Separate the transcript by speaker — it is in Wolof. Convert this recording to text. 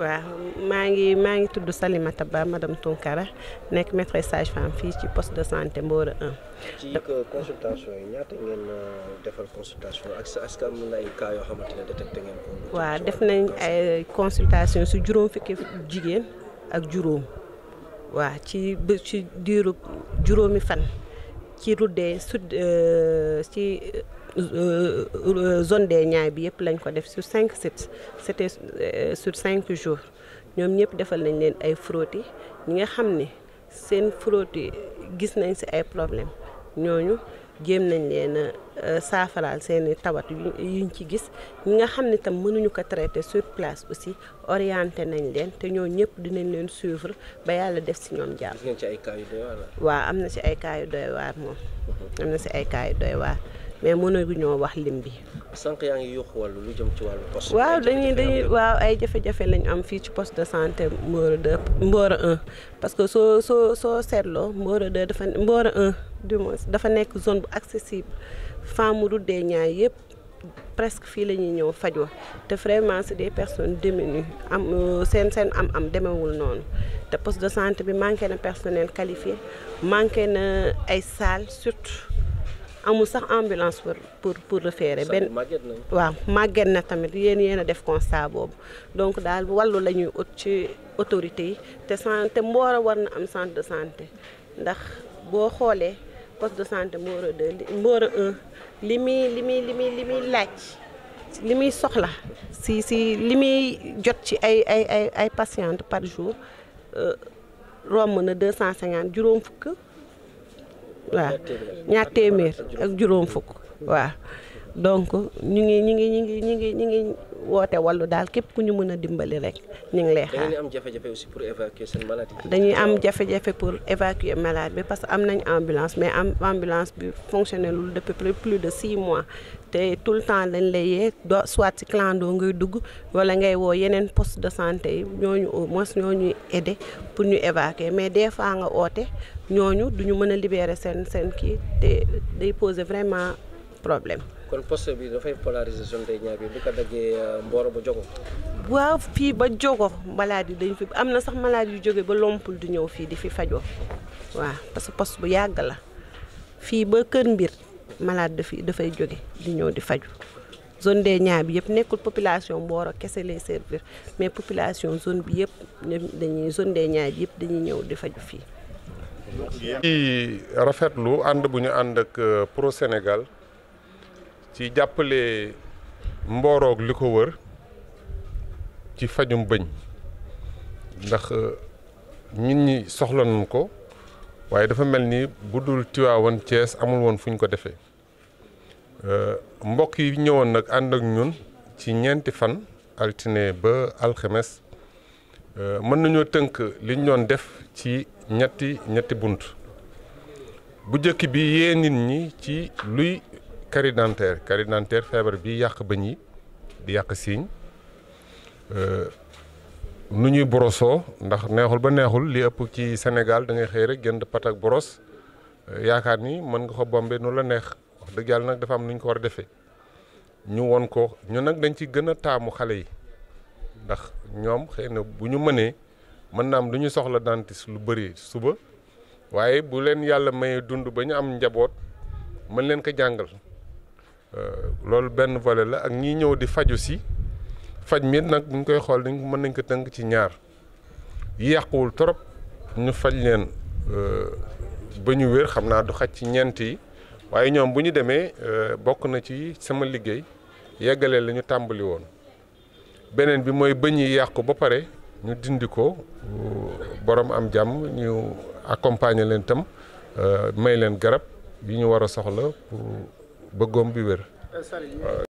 Speaker 1: waa maa ngi maa ngi tudd Salimata Ba madame Tunkara nekk maîtresse sage fii ci poste de santé Mboro 1.
Speaker 2: ci euh, consultation yi ñaata ngeen euh, defal consultation ak est-ce que am na ay cas yoo xamante ne def
Speaker 1: nañ ay consultation su juróom fukki jigéen ak juróom waaw ci diiru juróomi fan ci ruddee su euh, ci. Euh, euh, zone des ñaay bi yëpp lañ ko def sur cinq sites c'était euh, sur cinq jours ñoom ñëpp defal nañ leen ay frottis ñi nga xam ni seen frottis gis nañ si ay problèmes ñooñu jéem nañ leen saafaraal seeni tawat yuñ ci gis ñi nga xam ni tam mënuñu ko traité sur place aussi orienté nañ leen te ñoo ñëpp dinañ leen suivre ba yàlla def ci ñoom jàmm. gis ngeen ci am na si ay cas doy waar moom. am na si ay cas yu doy waar. mais mënaguñoo wax
Speaker 2: lim bi. sànq yaa ngi yokk wallu lu jëm ci wàllu poste. waaw dañuy dañuy
Speaker 1: waaw ay jafe-jafe lañ am fii ci poste de santé Mboro 2 Mboro 1 parce que soo soo soo seetloo Mboro 2 dafa Mboro 1 du moins dafa nekk zone bu accessible femme ruddee ñaay yëpp. presque fii la ñuy ñëw wa te vraiment c'est des personnes diminues am euh, seen seen am-am demewul noonu te poste de santé bi manqué na personnel qualifié manqué na ay salles surtout. amul sax ambulance pour pour pour référer benn waaw màgget na tamit yéen yéen a def constat boobu donc daal wàllu la ñuy ut ci autorité yi te santé Mboro war na am centre de santé ndax boo xoolee poste de santé Mboro de Mboro 1 li muy li muy li muy li muy laaj li muy soxla si si li muy jot ci ay ay ay ay patiente par jour euh, romb na deux 250 juróom fukk
Speaker 2: waaw ñaar téeméer ak
Speaker 1: juróom fukk waaw donc ñu ngi ñu ngi ñu ngi ñu ngi ñu ngi woote wàllu daal képp ku ñu mën a dimbali rek ñu ngi lay xaar. dañuy
Speaker 2: am jafe-jafe pour évacuer seen maladie. am
Speaker 1: jafe pour évacuer malade bi parce que am nañ ambulance mais am ambulance bi fonctionné lul depuis plus plus de six mois te tout le temps lañ lay yee doo soit ci clando ngay dugg wala ngay woo yeneen post de santé yi ñooñu au moins ñooñuy aider pour ñu évacuer mais des fois nga oote ñooñu duñu mën a libérer seen seen kii te day poser vraiment problème. kon
Speaker 2: post bi dafay polariser zone Ndeye Niang bi ko daggee euh, Mboro ba Jogo.
Speaker 1: waaw fii ba Jogo maladie dañ am na sax maladie yu jóge ba Lompul du ñëw fii di fi fajoo waaw parce que poste bu yàgg la fii ba Kër Mbir malade dafay dafay jóge di ñëw di faju zone Ndeye Niang bi yëpp nekkul population Mboro kese lay servir mais population zone bi yëpp dañuy zone Ndeye Niang bi yëpp dañuy ñëw di faju fii.
Speaker 2: ci rafetlu ànd bu ñu ànd ak euh, Pro Sénégal. ci jàppale mbooroog li ko wër ci fajum bëñ ndax euh, nit ñi soxla ko waaye dafa mel ni bu dul Tiwaawan Cees amul woon fu ñu ko defee euh, mbokk yi ñëwoon nag ànd ak ñun ci ñeenti fan altine ba alxemes euh, mën nañoo tënk liñ doon def ci ñetti ñetti bunt bu jëkk bi yee nit ñi ci luy carie dentaire feebar bi yàq bëñ yi di yàq siiñ euh, nu ñuy borosoo ndax neexul ba neexul li ëpp ci senegal da ngay xëy rek jënd pat boros euh, yaakaar ni mën nga ko bombe nu la neex wax dëgg yàlla nag dafa am nu ñu ko war a defee ñu won ko ñu nag dañ ci gën a taamu xale yi ndax ñoom xëy na bu ñu mënee mën na am du ñu soxla dentiste lu bari suba waaye bu leen yàlla mayee dund ba ñu am njaboot mën leen ko jàngal Euh, loolu benn volet la ak ñi ñëw di faju si faj mi nag bu ñu koy xool dañ mën nañ ko tëng ci ñaar yi yàquwul trop ñu faj leen euh, ba ñu wér xam naa du xaj ci ñeent yi waaye ñoom bu ñu demee euh, bokk na ci sama liggéey yeggalee la ñu tàmbali woon beneen bi mooy bëñ yi yàqu ba pare ñu dindi ko borom am jàmm ñu accompagner leen itam may leen garab yi ñu war a soxla ba góom bi